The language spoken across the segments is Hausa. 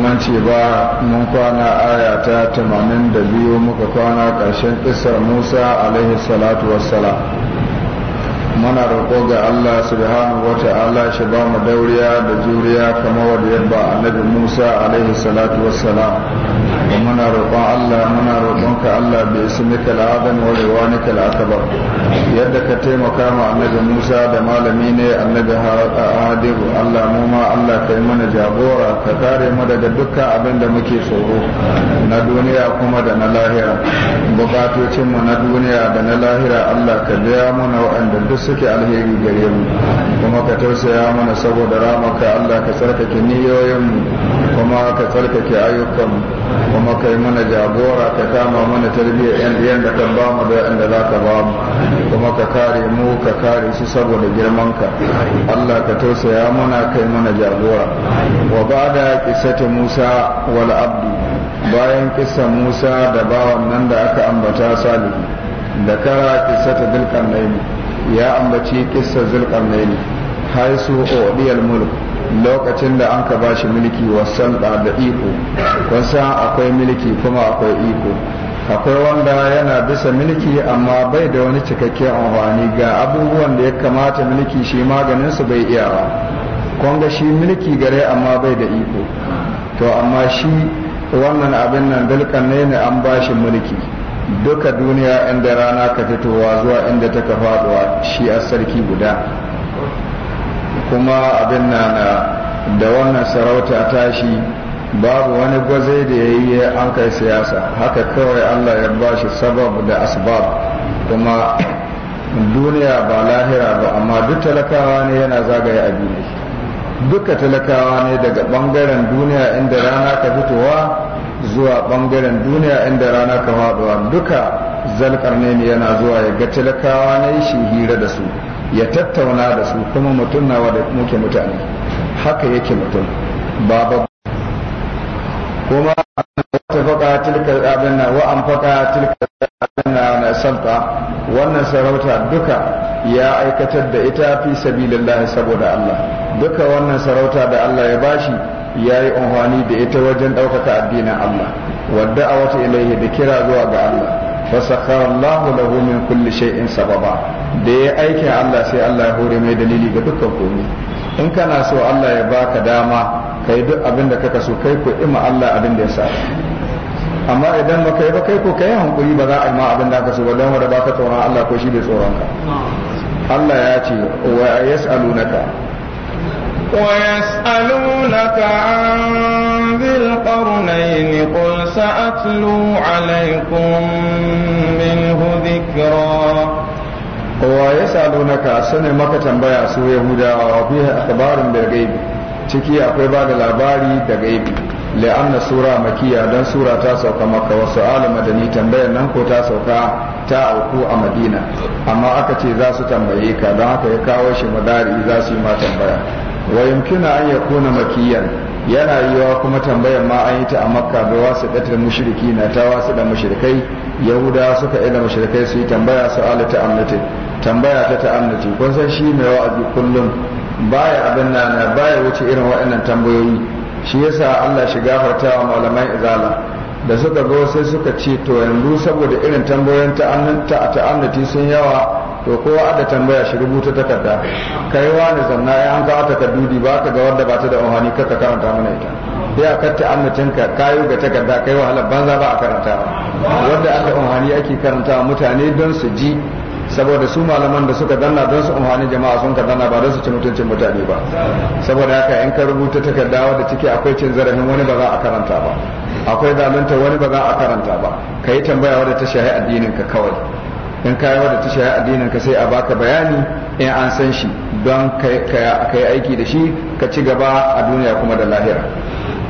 mance ba mun kwana aya ta tamanin da biyu muka kwana ƙarshen ƙisar Musa alaihi muna roƙo ga Allah subhanahu wa ta'ala shi ba mu dauriya da juriya kamar wanda ya ba annabi Musa alaihi salatu wassalam muna roƙon Allah muna roƙon ka Allah bi ismika al-adam wa riwanika al-akbar yadda ka taimaka ma annabi Musa da malami ne annabi Hadir Allah mu ma Allah kai mana jagora ka kare mu daga dukkan abin da muke tsoro na duniya kuma da na lahira bukatocin mu na duniya da na lahira Allah ka biya mana wa'anda duk suke alheri gare mu kuma ka tausaya mana saboda ramaka Allah ka tsarkake niyoyin mu kuma ka tsarkake ayyukan kuma kai mana jagora ka kama mana tarbiyyar yan diyan da kan mu da yan da za ka ba mu kuma ka kare mu ka kare su saboda girman ka Allah ka tausaya mana kai mana jagora wa ba'da qissati Musa wal abdu bayan kisan Musa da bawan nan da aka ambata salihu da kara qissati Bilqanaini ya ambaci kissar zulkarnaini su odiyal mulk lokacin da an ka shi mulki wasan da da iko kun san akwai mulki kuma akwai iko akwai wanda yana bisa mulki amma bai da wani cikakken amfani ga abubuwan da ya kamata mulki shi maganin su bai iya ba kun ga shi mulki gare amma bai da iko to amma shi wannan abin nan dalkan ne an shi mulki duka duniya inda rana ka fitowa zuwa inda ta ka faduwa shi a sarki guda kuma abin na da wannan sarauta tashi babu wani gwaze da ya yi an kai siyasa haka kawai allah ya ba shi sabab da asbab kuma duniya ba lahira ba amma duk talakawa ne yana zagaye a duniya duka talakawa ne daga bangaren duniya inda rana ka fitowa zuwa ɓangaren duniya inda rana ka faɗuwa duka ne yana zuwa ya ga talakawa na shi hira da su ya tattauna da su kuma mutum na da muke mutane haka yake mutum ba kuma ta faka tilkar abin na wa an faƙa tilkar abin na na salta wannan sarauta duka ya aikatar da ita fi sabilillahi saboda Allah duka wannan sarauta da Allah ya bashi ya yi da ita wajen ɗaukaka addinin Allah wadda a wata ilaihi da kira zuwa ga Allah fasakara Allah lahu min kulli shay'in sababa da ya aikin Allah sai Allah ya hore mai dalili ga dukkan komai in kana so Allah ya baka dama kai duk abin da kaka so kai ko ima Allah abin da ya sa amma idan baka yi ba kai ko kai hankuri ba za a ima abin da aka so ba don wanda baka tsoron Allah ko shi bai tsoron ka Allah ya ce wa yas'alunaka ويسألونك عن ذي القرنين قل سأتلو عليكم منه ذكرا ويسألونك سنة مكة تنبيع سوى يهودا وفيها أخبار بالغيب ciki akwai ba da labari da gaibi la'anna sura makiya don sura ta sauka maka wasu madani tambayar nan ko ta sauka ta auku a madina amma aka ce za su tambaye ka don haka ya kawo shi madari za su yi ma tambaya wa yumkina an yakuna makiyan yana yiwa kuma tambayar ma an yi ta a makka da wasu ɗatar mushriki na ta wasu da mushrikai yahuda suka ila mushrikai su yi tambaya su ala ta'amnati tambaya ta ta'amnati kun san shi mai wa'azi kullum baya abin na baya wuce irin waɗannan tambayoyi shi yasa Allah shi gafarta wa malaman izala da suka zo sai suka ce to yanzu saboda irin tambayoyin ta'annati sun yawa to kowa da tambaya shi rubuta takarda kai ne zanna ya an kawo takardu ba ka ga wanda ba ta da ka ta karanta mana ita ya katta ka kayo ga takarda kai wahala banza ba a karanta wanda aka ohani ake karanta mutane don su ji saboda su malaman da suka danna don su ohani jama'a sun ka danna ba don su ci mutuncin mutane ba saboda haka in ka rubuta takarda wanda ciki akwai cin zarafin wani ba za a karanta ba akwai zalunta wani ba za a karanta ba ka yi tambaya wadda ta shahi addinin ka kawai in ka yi wadda addinin ka sai a baka bayani in an san shi don ka yi aiki da shi ka ci gaba a duniya kuma da lahira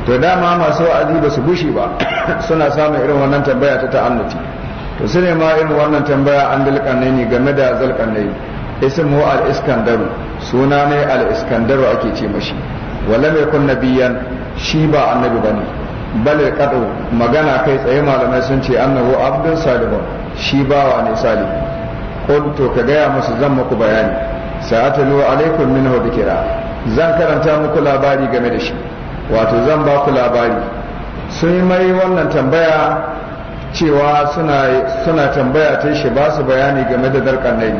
to dama masu wa'azi ba su gushi ba suna samun irin wannan tambaya ta ta'annuti to su ne ma irin wannan tambaya an dalƙanne ne game da zalƙanne mu al-iskandaru suna ne al-iskandaru ake ce mashi wala mai kun nabiyan shi ba annabi bane balar kadu magana kai tsaye malamai sun ce annahu abdun salihun shi bawa ne salihu qul to ka gaya musu zan muku bayani sa'atalu alaikum minhu Bikira. zan karanta muku labari game da shi wato zan ba ku labari sun yi mai wannan tambaya cewa suna suna tambaya tun shi ba su bayani game da dalkan nai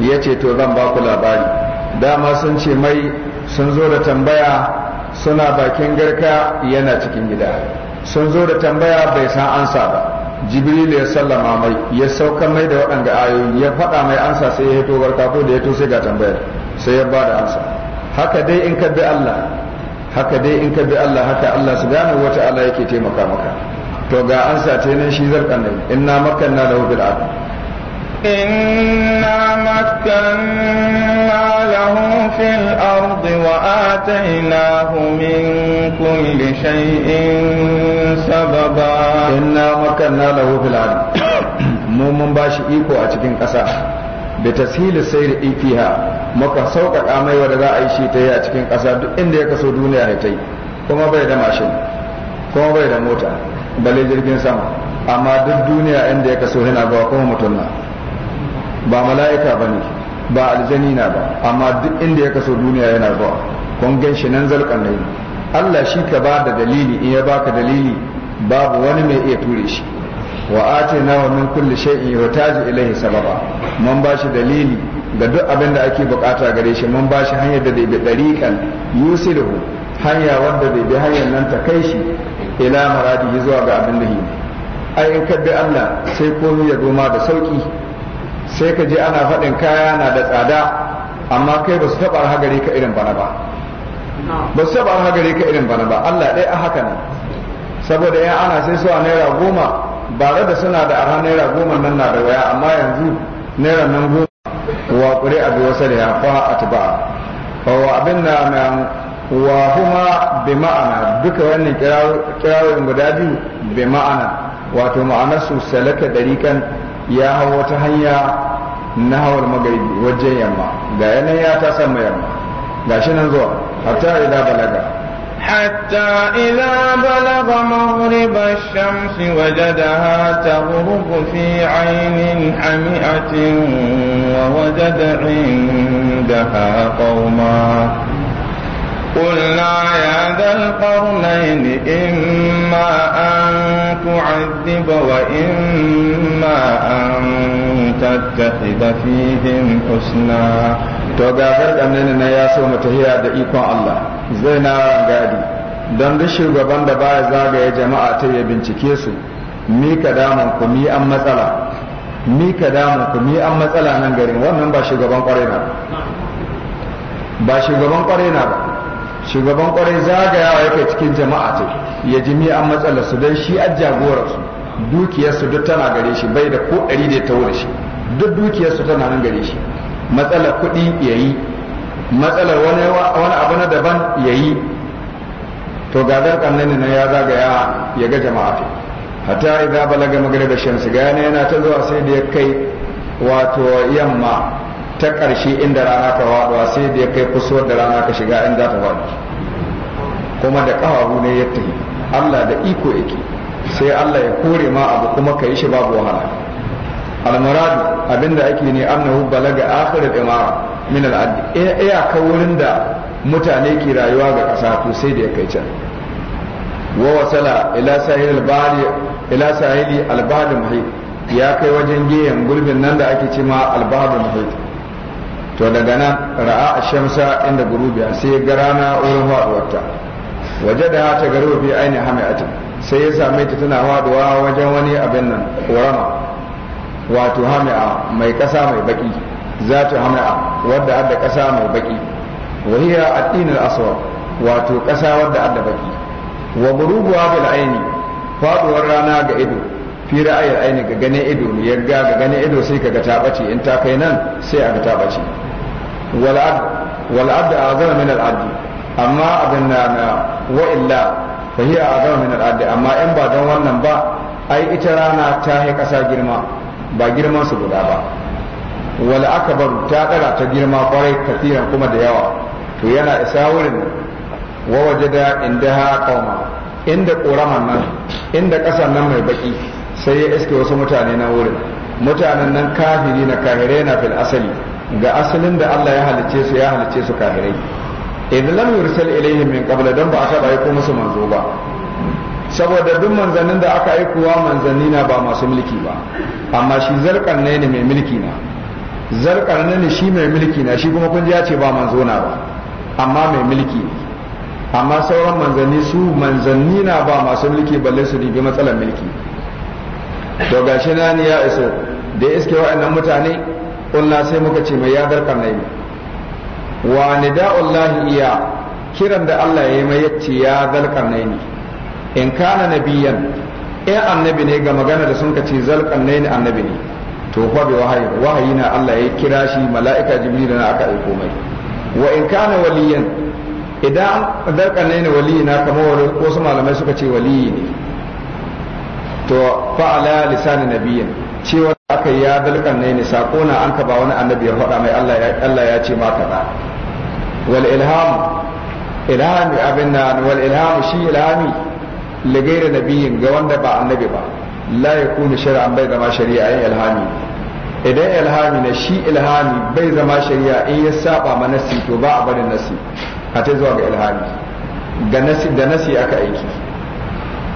ya ce to zan ba ku labari dama sun ce mai sun zo da tambaya suna bakin garka yana cikin gida sun zo da tambaya bai san ansa ba jibril ya sallama mai ya sauka mai da waɗanda ayoyi ya faɗa mai ansa sai ya hito barka ko da ya to sai ga tambayar sai ya bada ansa haka dai in ka bi Allah haka dai in ka bi Allah haka Allah subhanahu wata'ala yake taimaka maka to ga ansa ce nan shi zarkan nan inna makanna lahu fil إنا مكنا له في الأرض وآتيناه من كل شيء سببا إنا مكنا له في الأرض mu mun ba iko a cikin ƙasa da tashili sai da ikiha muka sauƙaƙa mai wanda za a yi shi ta yi a cikin ƙasa duk inda ya kaso duniya kuma bai da mashin jirgin sama amma duk duniya inda ya kaso yana ba kuma mutum na ba mala'ika ba ne ba aljani ba amma duk inda ya kaso duniya yana zuwa kun gan shi nan zalkan ne Allah shi ka ba da dalili in ya baka dalili babu wani mai iya ture shi wa atina wa min kulli shay'in taji ilayhi sababa mun ba shi dalili ga duk abin da ake bukata gare shi mun ba shi hanyar da bai bi dariqan yusiluhu hanya wanda bai bi hanyar nan ta kai shi ila maradi zuwa ga abin da yi ai in ka bi Allah sai komai ya goma da sauki sai ka je ana faɗin kaya na da tsada amma kai ba su taɓa hagari ka irin bana ba ba su taɓa hagari ka irin bana ba Allah ɗaya a haka nan saboda 'yan ana sai suwa naira goma ra da suna da arha naira goma nan na da waya amma yanzu naira nan goma wa kure a biyu wasa da ya fa ba wa abin na nan wa kuma bi ma'ana duka wannan kirawoyin guda biyu bi ma'ana wato ma'anar su salaka ɗarikan. ya hau wata hanya na hawar magaribi wajen yamma ga yanayi ya ta sama yamma ga shi nan zuwa hatta idan balaga حتى إذا بلغ مغرب الشمس وجدها تغرب في عين حمئة ووجد عندها قوما قلنا يا ذا القرنين إما أن تعذب وإما أن تتخذ فيهم حسنا to ga gargamnin na ya so mu tahiya da ikon Allah zai na rangadi don duk shugaban da baya zagaye jama'a ta ya bincike su mi ka damun ku mi an matsala nan garin wannan ba shugaban kwarai na ba shugaban kwarai zagayawa yake cikin jama'a ta ya ji mi an matsalar su dan shi an jagorar su dukiyar su duk tana gare shi bai da ko ɗari da ta wuce duk dukiyarsu tana nan gare shi matsalar kuɗi yayi matsalar wani wani abu na daban yayi to ga dan na ya zagaya ya ga jama'a ta hatta idan balaga magriba shamsi gane yana ta zuwa sai da ya kai wato yamma ta ƙarshe inda rana ka faɗuwa sai da ya kai kusurwar da rana ka shiga in za ta faɗu kuma da ƙafafu ne ya tafi Allah da iko yake sai Allah ya kore ma abu kuma ka yi shi babu wahala almuradu abinda ake ne annahu balaga akhir al-imara min al eh, iya ka wurin da mutane ke rayuwa ga kasa to sai da ya kai can wa wasala ila sahil al ila sahili al-bahri ya kai wajen giyan gurbin nan da ake ce ma al-bahri to daga nan ra'a a shamsa inda gurubiya sai ya ga rana wurin faduwarta waje da ta garuwa bi aini hamiatin sai ya same ta tana faduwa wajen wani abin nan korama wato hami'a mai kasa mai baki za ta hami'a wadda adda kasa mai baki wahiya addinin aswar wato kasa wadda adda baki wa gurubuwa bil aini faduwar rana ga ido fi ra'ayar aini ga gane ido ya yaga ga gane ido sai kaga ta bace in ta kai nan sai ga ta bace wal abd wal abd azama min al abd amma na wa illa fa hiya azama min al amma in ba don wannan ba ai ita rana ta yi kasa girma ba girman su guda ba wal ta dara ta girma kwarai kafiran kuma da yawa to yana isa wurin wa wajada indaha qauma inda koraman nan inda kasan nan mai baki sai ya iske wasu mutane na wurin mutanen nan kafiri na kahire na fil asali ga asalin da Allah ya halicce su ya halicce su kafirai in lam yursal ilaihim min qabl dan ba aka bai ko musu manzo ba saboda duk manzanin da aka yi wa manzanni na ba masu mulki ba amma shi zarkar ne ne mai mulki na zarkar ne ne shi mai mulki na shi kuma kun ji ya ce ba manzo na ba amma mai mulki amma sauran manzanni su manzanni na ba masu mulki balle su dibi matsalar mulki to gashi na ya iso da iske wa'annan mutane kulla sai muka ce mai ya garkar na yi wa nida'ullahi iya kiran da Allah ya yi mai yace ya zalkar na yi in kana nabiyan in annabi ne ga magana da sun ka ce zalkan na yi annabi ne to fa bi wahayi wahayi na Allah ya kira shi mala'ika jibril na aka aiko mai wa in kana waliyan idan zalkar na yi waliyi na kamar wasu malamai suka ce waliyi ne to fa'ala lisanin nabiyin cewa aka yi ya dalkan ne ni sako na an ka ba wani annabi ya faɗa mai Allah ya ce maka da wal ilham ilhami abin na wal ilhamu shi ilhami ligaira nabiyin ga wanda ba annabi ba la yakunu shar'an bai zama shari'a in ilhami idan ilhami na shi ilhami bai zama shari'a in ya saba ma nasi to ba a barin nasi a ta zuwa ga ilhami ga nasi da nasi aka aiki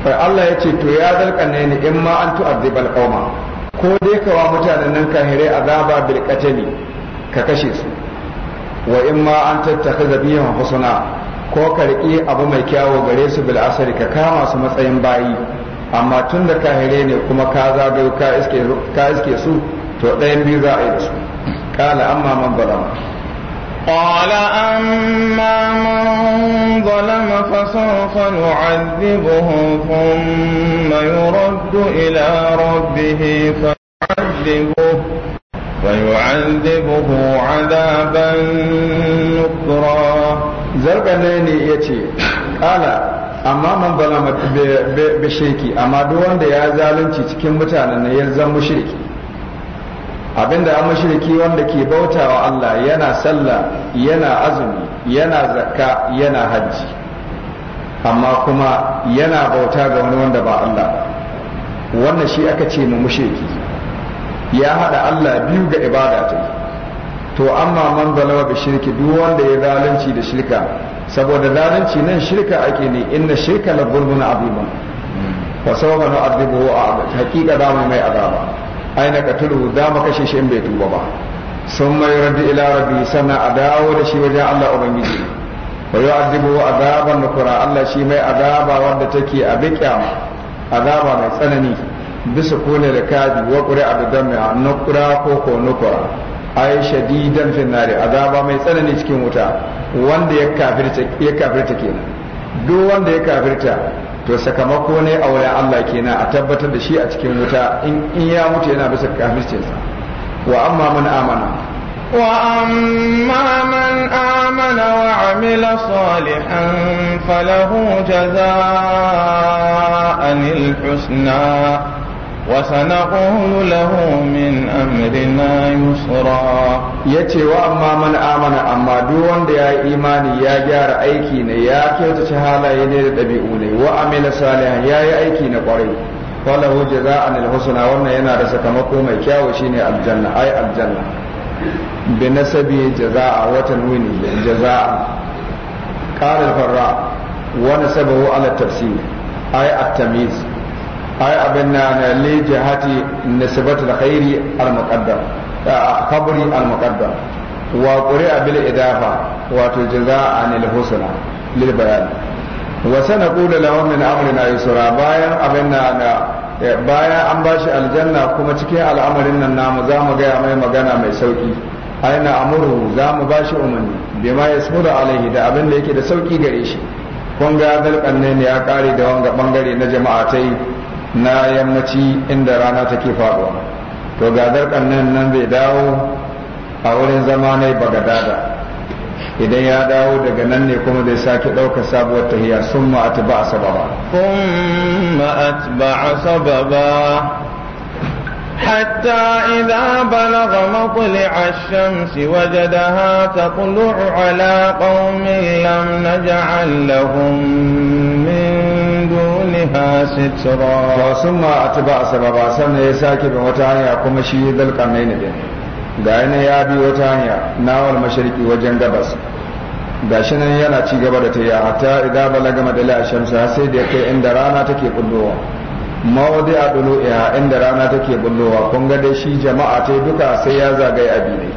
Allah ya ce to ya dalkan ne ni in ma an tu'azzibal qauma ko dai kawa mutanen nan kahirai azaba bil qatali ka kashe su wa in ma an tattaka zabiyan husna ko ka abu mai kyawo gare su bil asari ka kama su matsayin bayi amma tun da kahirai ne kuma ka zagayo ka iske su to ɗayan biyu za a yi da su kala amma man balama قال أما من ظلم فسوف نعذبه ثم يرد إلى ربه فيعذبه فيعذبه عذابا نكرا زرقناني يتي قال amma man zalama bishirki amma duk wanda ya zalunci cikin mutanen ya zama mushriki abinda an mushriki wanda ke bauta wa Allah yana sallah yana azumi yana zakka yana hajji amma kuma yana bauta ga wani wanda ba Allah wannan shi aka ce mu mushriki ya hada Allah biyu ga ibada ta to amma man balawa bi shirki duk wanda ya zalunci da shirka saboda zalunci nan shirka ake ne inna shirka la zulmun azima wa sawaba nu'adhibuhu haqiqa da mai azaba aina ka turu za mu kashe shi in bai tuba ba sun mai raddi ila rabbi sannan a dawo da shi wajen Allah ubangiji wa yu'adibu azaban nukura Allah shi mai azaba wanda take a biƙyama azaba mai tsanani bisa kone da kadi wa qur'a da dammi nukura ko ko nukura ai shadidan nari azaba mai tsanani cikin wuta wanda ya kafirta ya kafirta kenan duk wanda ya kafirta to sakamako ne a wurin Allah kenan a tabbatar da shi a cikin wuta in ya mutu yana bisa kafircinsa wa amma man amana wa وأما من آمن وعمل صالحا فله جزاء husna. وسنقول له من أمرنا يسرا yace wa amma man amana amma duk wanda ya yi imani ya gyara aiki ne ya kyautace halaye ne da ɗabi'u ne wa amila ya yi aiki na ƙwarai falahu jaza'an al-husna wannan yana da sakamako mai kyawu shine aljanna ai aljanna nasabi ai abin na na li jihati nisbatu alkhairi almuqaddam qabri almuqaddam wa quri'a bil idafa wato jaza'an alhusna lil bayan wa sanaqulu lahum min na yusra bayan abin na na bayan an bashi aljanna kuma cikin al'amarin nan namu za mu gaya mai magana mai sauki aina amuru za mu bashi umarni bima ya sura alaihi da abin da yake da sauki gare shi kun ga dalƙan ne ya kare da wanga bangare na jama'a ta yi na yammaci inda rana take faɗuwa to ga zarkan nan nan zai dawo a wurin zama na bagadada idan ya dawo daga nan ne kuma zai sake ɗaukar sabuwar tahiya sun ba a ba. sun ba a sababa حتى إذا بلغ مطلع الشمس وجدها تطلع على قوم لم نجعل لهم من دونها سترا ثم أتبع wata hanya kuma shi كما شيء ذا القرنين دين ya bi wata hanya na مشرقي mashariki غبس gashi nan yana ci gaba da tayya hatta idza balaga madala shamsa sai da kai inda rana take kullowa mawadi a dulu'iha inda rana take bullowa kun ga dai shi jama'a ta duka sai ya zagaye a ne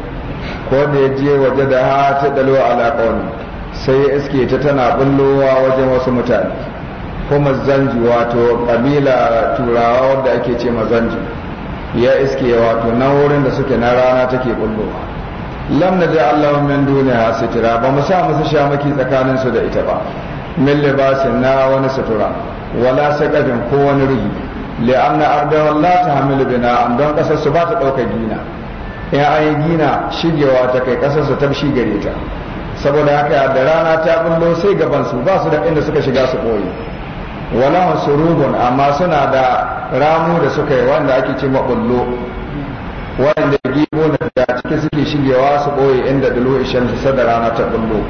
ko da ya je waje da ha ta dalo ala sai ya iske ta tana bullowa wajen wasu mutane ko mazanji wato kabila turawa wadda ake ce mazanji ya iske wato nan wurin da suke na rana take bullowa lam na da Allah min duniya sutura ba mu sa musu shamaki tsakanin su da ita ba min libasin na wani sutura wala sakafin ko wani ruhi li'anna ardahu la tahmilu bina an don kasar su ba ta dauka gina in an gina shigewa ta kai kasar su ta gare ta saboda haka da rana ta bullo sai gaban su ba su da inda suka shiga su koyi wala surubun amma suna da ramu da suka yi wanda ake ce maɓullo wanda gibo da ciki suke shigewa su ɓoye inda dulu ishan su sada rana ta ɓullo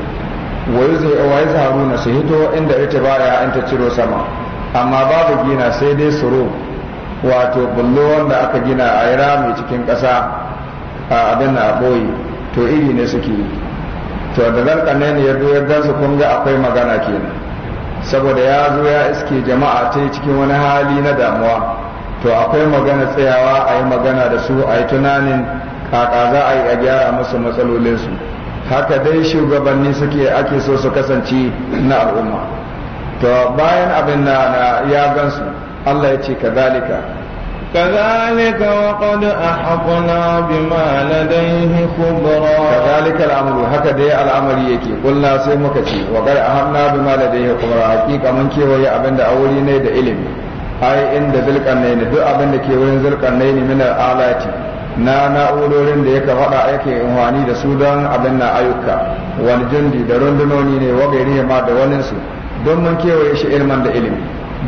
wai zaru su hito inda ita ba ya an ta ciro sama amma babu gina sai dai suru wato ɓullo wanda aka gina a yi rami cikin ƙasa a abin na ɓoye to iri ne suke to da ne ya zo doyar gansu kun ga akwai magana kenan saboda ya zo ya iske jama'a ta cikin wani hali na damuwa to akwai magana tsayawa a yi magana da su a yi tunanin kaka za a yi a gyara musu matsalolinsu haka dai shugabanni suke ake so su kasance na al'umma to bayan abin na ya gansu allah ya ce ka zalika كذلك وقد أحطنا بما لديه خبرا كذلك الأمر هكذا الأمر يكي قلنا سيمكتي وقد أهمنا بما لديه خبرا حقيقة من كي وهي أبند أولي نيد إلمي أي إن ذلك النين دو أبند كي وين ذلك النين من الآلات na na'urorin da ya yake faɗa yake amfani da su don abin na ayyuka wani jindi da rundunoni ne wagairi ma da waninsu don mun kewaye shi ilman da ilimi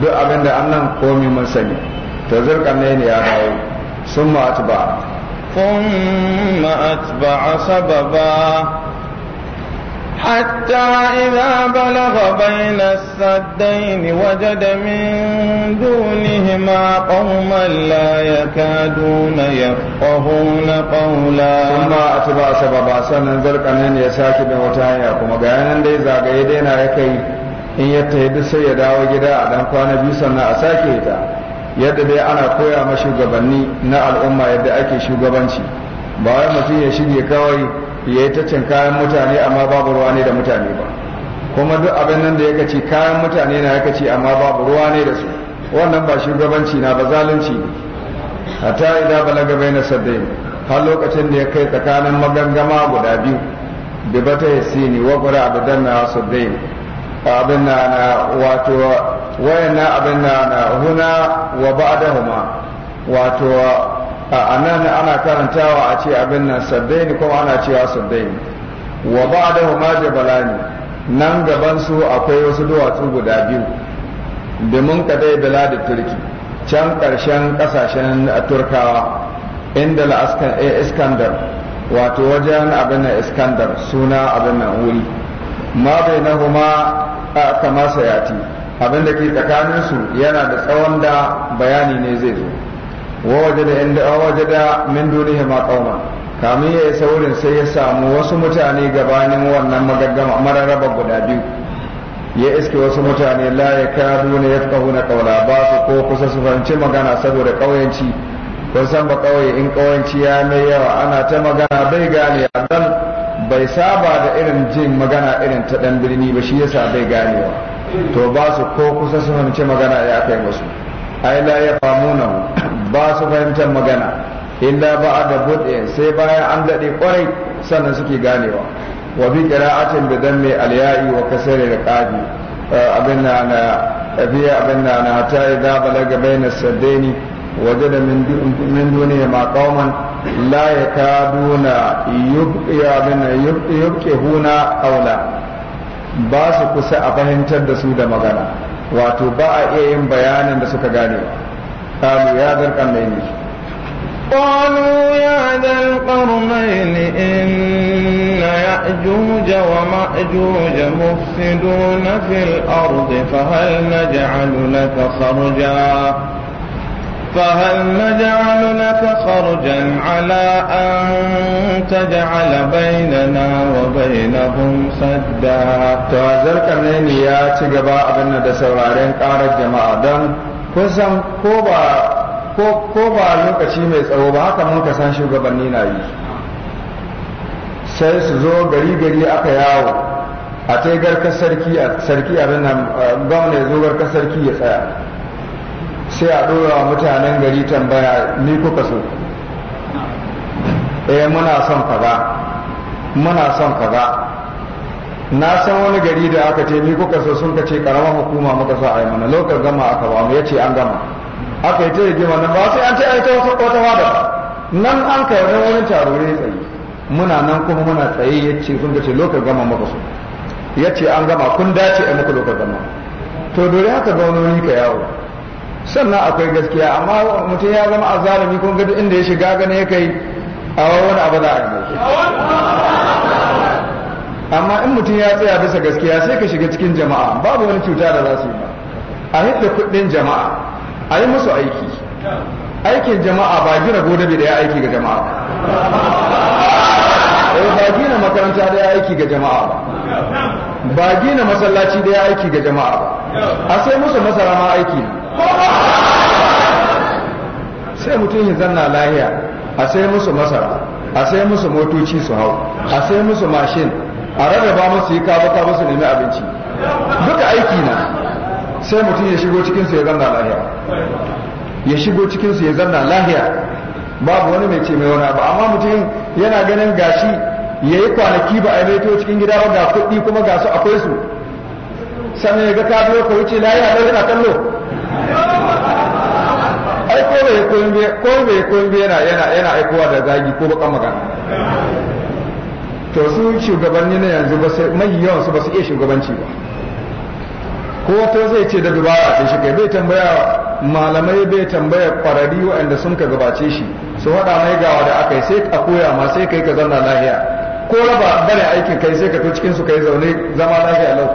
duk abinda da annan komi mun sani ta zirka ne ne ya dawo sun ma'ati ba kun ma'ati ba a saba hatta ina bala ba bayina sadai ni waje da min duni hima ƙaunar laye ya ƙaho na ƙaula sun ma'ati ba a saba sannan zirka ne ne ya sake da wata ya kuma gayanan da ya zagaye dai na ya kai in yadda ya dusa ya dawo gida a ɗan kwana biyu sannan a sake ta yadda dai ana koya ma shugabanni na al'umma yadda ake shugabanci ba wai mutum ya shige kawai ya yi ta cin kayan mutane amma babu ruwa ne da mutane ba kuma duk abin nan da ya ci kayan mutane na ya ci amma babu ruwa ne da su wannan ba shugabanci na ba zalunci ne hatta idan balaga bai na sadai. har lokacin da ya kai tsakanin magangama guda biyu da bata ya sini wa gura abu danna sadde abin na wato na abin na na huna wa ba'dahuma wato a nan ana karantawa a ce abin nan saddaini kuma ana cewa saddaini wa ba'dahuma jabalani nan gaban su akwai wasu duwatsu guda biyu domin kadai biladi turki can karshen kasashen turkawa inda eh, iskandar wato wajen abin iskandar suna abin nan wuri ma bai na kuma kama sayati abin da ke tsakaninsu yana da tsawon da bayani ne zai zo wa waje da inda waje da min duniya ma kauma kamin ya yi saurin sai ya samu wasu mutane gabanin wannan magaggama mararraba guda biyu ya iske wasu mutane la ya kadu ne ya tsahu na kaula ba su ko kusa su fahimci magana saboda kauyanci kun san ba kauye in kauyanci ya mai yawa ana ta magana bai gane dan bai saba da irin jin magana irin ta dan birni ba shi yasa bai ganewa to ba su ko kusa su fahimci magana ya kai musu ai la ya famuna ba su fahimtar magana illa ba da buɗe sai bayan an daɗe kwarai sannan suke ganewa wa bi qira'atin bi dammi al-ya'i wa kasri riqabi abin na na fi abin na na ta idza balaga bayna saddaini wajada min min ma qauman la yakaduna yubqiya bina yubqihuna huna aula ba su kusa a fahimtar da su da magana wato ba'a iya yin bayanin da suka gane qalu ya dal qarnaini qalu ya dal qarnaini inna ya'juj wa ma'juj mufsiduna fil ardi fa hal naj'alu laka kharja فهل نجعل لك خرجا على أن تجعل بيننا وبينهم سدا تعذر كمين يا تجبا أبن دسورارين قارة جماعة دم kusan ko ba ko ba lokaci mai tsawo ba haka mun san shugabanni na yi sai su zo gari gari aka yawo a ta garkar sarki a sarki abin nan gwamna ya zo garkar sarki ya tsaya sai a ɗora wa mutanen gari tambaya ni kuka so eh muna son kaza muna son kaza na san wani gari da aka ce ni kuka so sun ka ce karamar hukuma muka so a yi mana lokar gama aka ba mu yace an gama aka yi ta rigima nan ba sai an ce yi ta wata wata wada nan an kai wani wurin taro ne tsaye muna nan kuma muna tsaye yace sun ka ce lokar gama muka so yace an gama kun dace a muka lokar gama to dole haka ga wani ka yawo sannan akwai gaskiya amma mutum ya zama azalimi kun ga inda ya shiga gane ya kai a wani abu za a yi amma in mutum ya tsaya bisa gaskiya sai ka shiga cikin jama'a babu wani cuta da za su yi ba a hidda kuɗin jama'a a yi musu aiki aikin jama'a ba gina gode da ya aiki ga jama'a ba eh, ba gina makaranta da ya aiki ga jama'a ba ba gina masallaci da ya aiki ga jama'a ba a sai musu masara ma aiki ne sai mutum ya zanna lahiya a sai musu masara a sai musu motoci su hau a sai musu mashin a rarraba musu yi kaba kaba su nemi abinci duka aiki na sai mutum ya shigo cikinsu ya zanna lahiya ya shigo cikinsu ya zanna lahiya babu wani mai ce mai wani abu amma mutum yana ganin gashi ya yi kwanaki ba a maito cikin gida ba ga kuɗi kuma ga su akwai su sannan ya ga ka ya ka wuce lahiya ɗaya na kallo ai ko bai kumbe ko bai kumbe yana yana yana aikowa da zagi ko bakan magana to su shugabanni na yanzu ba sai mai yawan su ba su iya shugabanci ba ko wata zai ce da dubara sai shi kai bai tambaya malamai bai tambaya kwararri waɗanda sun ka gabace shi su haɗa mai gawa da aka yi sai a koya ma sai kai ka zanna lahiya ko raba bane aikin kai sai ka to cikin su kai zaune zama lahiya lau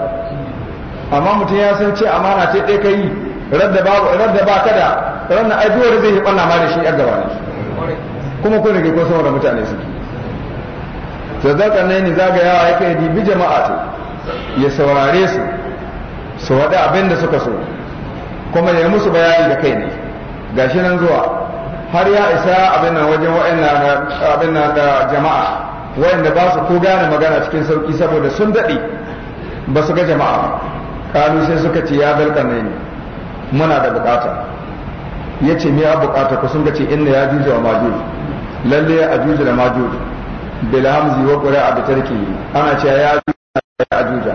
amma mutum ya san ce amana ce ɗaya ka yi radda babu radda ba kada da ran ai duwar zai yi ɓanna ma da shi yar gaba ne kuma ko rage ko saboda mutane su to kan ne zaga zagayawa yake bi jama'a ce ya saurare su su wada abin da suka so kuma ya musu bayani da kai ne gashi nan zuwa har ya isa abin nan wajen wa'annan abin nan da jama'a wa'anda ba su ko gane magana cikin sauki saboda sun daɗe ba su ga jama'a kanu sai suka ci ya dalƙa ne muna da bukata ya ce me ya bukata ku sun ga ce inna ya juji wa majuju lalle ya ajuji da majuju bil hamzi wa qura'a bi tarki ana cewa ya ya ajuja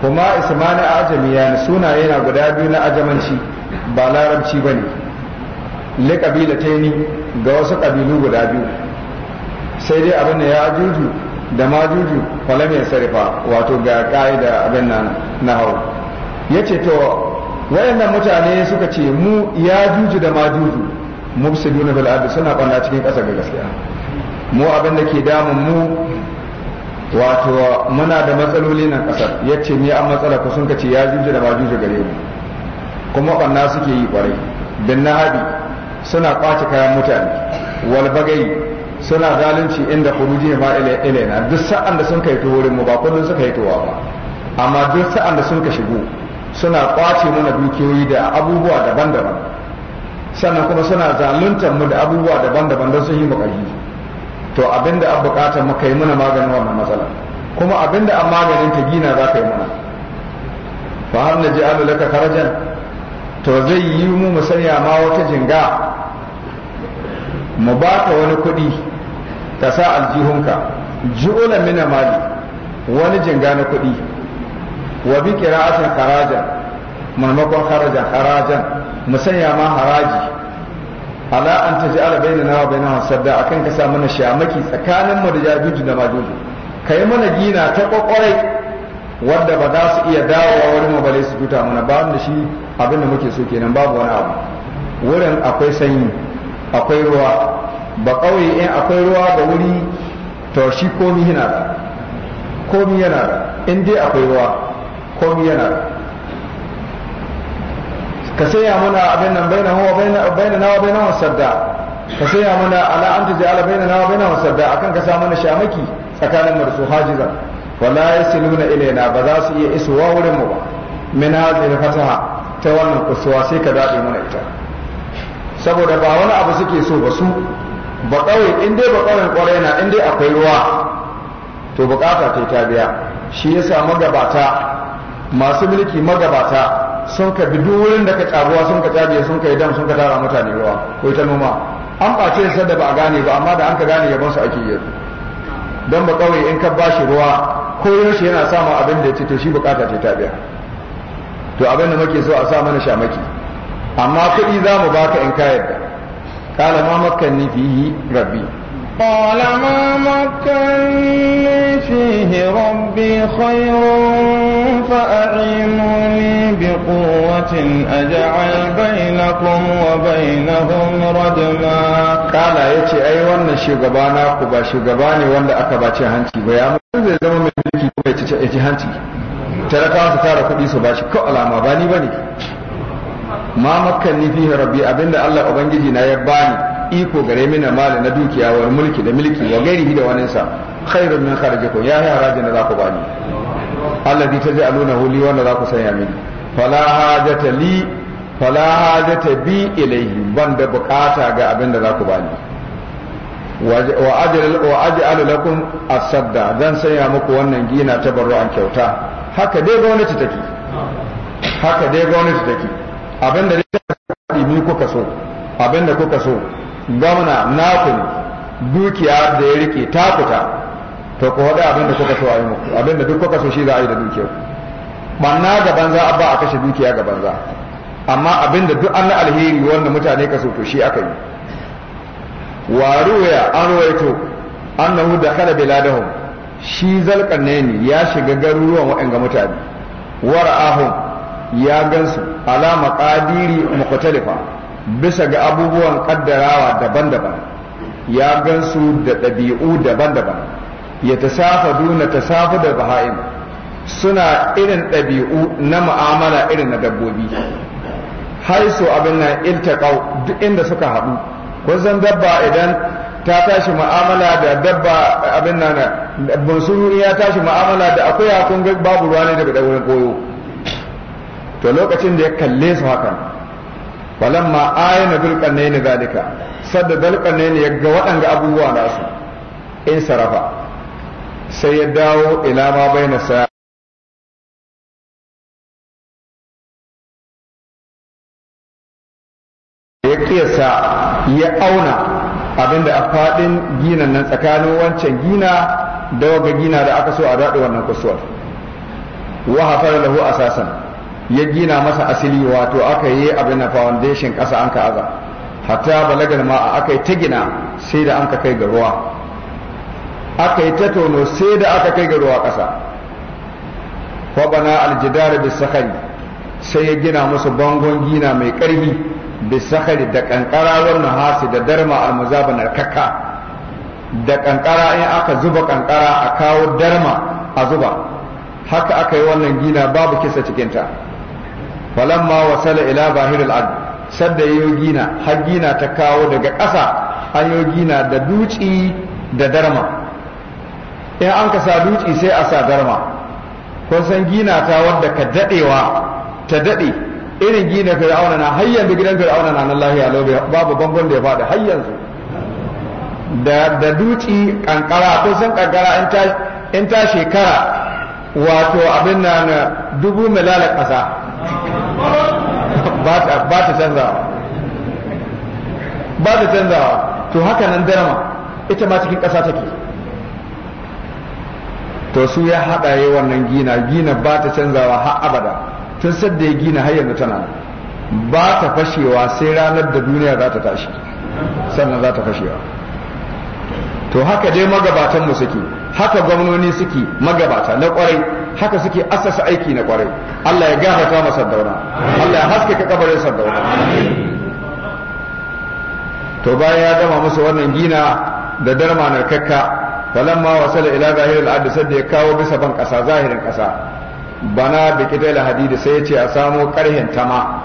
kuma ismani ajamiya sunaye na guda biyu na ajamanci ba larabci bane li ni ga wasu kabilu guda biyu sai dai abin da ya juju da majuju falam sarifa wato ga ka'ida abin nan na hau Ya ce to wayannan mutane suka ce mu ya juju da majuju mufsiduna bil ardi suna banna cikin ƙasa ga gaskiya mu abin da ke damun mu wato muna da matsaloli nan ƙasar yace me an matsala ku sun ka ce ya juju da majuju gare mu kuma banna suke yi kwarai bin suna kwace kayan mutane wal bagai suna zalunci inda khuruji ma ilaina duk sa'an da sun kai to wurin mu ba kullun suka yi towa ba amma duk sa'an da sun ka shigo suna kwace mana dukiyoyi da abubuwa daban-daban sannan kuma suna zaluntar mu da abubuwa daban-daban don sun yi makarhi to abinda an bukatar mu yi muna maganin wannan matsala kuma abinda an maganin ta gina za ka yi mana fa har na ji alu laka karajan to zai yi mu mu sanya ma wata jinga mu ba ka wani kuɗi ka sa aljihunka ji'ula mina mali wani jinga na kuɗi wa bi qira'atin harajan maimakon harajan harajan musanya ma haraji ala an taj'al bainana wa bainahum sadda akan ka sa mana shamaki tsakanin mu da jajuju da majuju kai mana gina ta kwakwarai wadda ba za su iya dawowa wurin mu bale su mana ba da shi abin da muke so kenan babu wani abu wurin akwai sanyi akwai ruwa ba ƙauye in akwai ruwa ga wuri to shi komi yana komi yana da in dai akwai ruwa komi yana ka saya muna abin nan bai na huwa bai na nawa bai na wasadda ka saya muna ala an tuji ala bai na nawa bai na wasadda akan ka samu na shamaki tsakanin mu da su hajiza wala yasiluna ilaina ba za su iya isuwa wurin mu ba min hadhihi fataha ta wannan kusuwa sai ka dade mana ita saboda ba wani abu suke so ba su ba kawai in dai ba kawai kwarai na in dai akwai ruwa to bukata ta ta biya shi yasa magabata masu mulki magabata sun ka bi wurin da ka karuwa sun ka tsaje sun ka idan sun ka tara mutane ruwa ko ta noma an ɓace sai da ba a gane ba amma da an ka gane yaban su ake yi don ba kawai in ka bashi ruwa ko yaushe yana samun abin da ya ce to shi bukata ce ta biya to abin da muke so a sa mana shamaki amma kuɗi za mu baka in ka yarda kala ma makkanni fihi rabbi قال ما مكني فيه ربي خير فأعينوني بقوة أجعل بينكم وبينهم ردما قال يتي أي وانا شغبانا قبا شغباني وانا أكباتي هانتي بيا زي زمان ملكي كوبا يتي هانتي تركا سكارا كبيسو باشي كألا ما باني باني ma makkanni fihi rabbi abinda Allah ubangiji na ya bani iko gare mini mali na dukiya wa mulki da mulki wa gairihi da wani sa khairun min kharijikum ya ya haraji da zaku bani alladhi taj'alunahu li wanda zaku sanya mini fala hajata li fala hajata bi ilayhi ban da bukata ga abinda zaku bani wa aj'al lakum asadda dan sanya muku wannan gina ta an kyauta haka dai gwamnati take haka dai gwamnati take abin da dai ni kuka so abin da kuka so gwamna naku ne dukiya da ya rike ta fita to ku hada abin da kuka so a yi muku abin da duk kuka so shi za a yi da dukiyar banna ga banza abba a kashe dukiya ga banza amma abin da duk an alheri wanda mutane ka so to shi aka yi waru ya an ruwaito annahu da kala biladahum shi zalqanani ya shiga garuruwan wa'anga mutane wara'ahum ya gansu ala maqadiri muqtalifa bisa ga abubuwan kaddarawa daban-daban ya gansu da ɗabi'u daban-daban ya tasafa duna tasafu da baha'im suna irin ɗabi'u na mu'amala irin na dabbobi haisu abin nan iltaqau duk inda suka haɗu kun zan dabba idan ta tashi mu'amala da dabba abin nan bunsuru ya tashi mu'amala da akwai hakun babu ruwa ne daga ɗaurin koyo to lokacin da ya kalle su hakan falamma ayana dulqarnain zalika sadda ni ya ga waɗanda abubuwa su in sarafa sai ya dawo ila ma baina sa ya kiyasa ya auna abinda a faɗin ginan nan tsakanin wancan gina da waga gina da aka so a daɗe wannan kusuwar wa hafara lahu asasan ya gina masa asili wato aka yi abin na foundation ƙasa an ka aza hatta balagar ma aka yi ta gina sai da an ka kai ga ruwa aka yi ta tono sai da aka kai ga ruwa ƙasa fabana aljidar bisakari sai ya gina musu bangon gina mai ƙarfi bisakari da ƙanƙara wannan hasi da darma almuzaba kakka, da ƙanƙara in aka zuba ƙanƙara a kawo darma a zuba haka aka yi wannan gina babu kisa cikinta falamma wasala ila bahiril ard sadda yayo gina har gina ta kawo daga ƙasa an yo gina da dutsi da darma in an ka sa dutsi sai a sa darma kun san gina ta wadda ka dadewa ta dade irin gina fir'auna na har yanzu gidan fir'auna na nan lahiya lobe babu bangon da ya fada har yanzu da da dutsi kankara kun san kankara in ta in ta shekara wato abin nan dubu milalar ƙasa ba ta canzawa ba ta canzawa to haka nan darama ita ma cikin ƙasa take to su ya haɗa yi wannan gina gina ba ta canzawa har abada tun sadda ya gina har yanzu tana ba ta fashewa sai ranar da duniya za ta tashi sannan za ta fashewa to haka dai magabatanmu suke haka gwamnoni suke magabata na ƙwarai haka suke assasa aiki na kwarai Allah ya gafarta masa dauna Allah ya haske ka kabarin sa dauna to bayan ya gama musu wannan gina da darma na kakka falamma wasala ila zahirin ard sai da ya kawo bisa ban kasa zahirin kasa bana bi kidal hadidi sai ya ce a samo karhin tama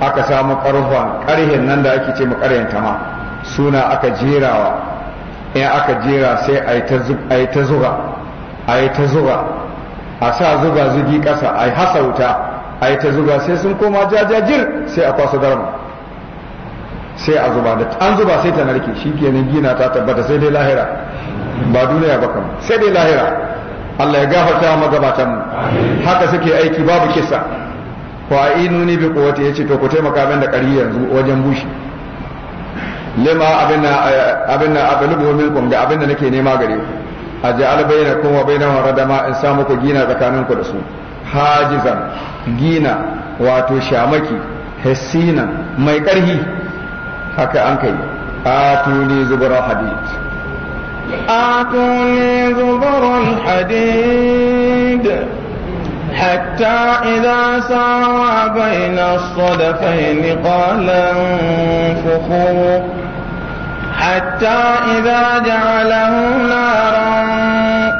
aka samu karfan karhin nan da ake ce mu karhin tama suna aka jerawa in aka jera sai a yi ta zuga a ta zuga a sa zuba zugi ƙasa a yi hasa wuta a yi ta zuba sai sun koma jajajir sai a kwasa darma sai a zuba da an zuba sai ta narke shi kenan gina ta tabbata sai dai lahira ba duniya ba kam sai dai lahira Allah ya gafarta wa magabatan haka suke aiki babu kisa wa inuni bi quwwati yace to ku taimaka min da ƙari yanzu wajen bushi lima abinna abinna ablubu minkum da nake nema gare ku a ja'al bainakum wa bainahum radama in sa muku gina tsakaninku da su hajizan gina wato shamaki hessina mai ƙarhi haka an kai atuni zubarar hadid atuni zubarar hadid حتى إذا ساوى بين الصدفين قال انفخوا حتى إذا جعله نارا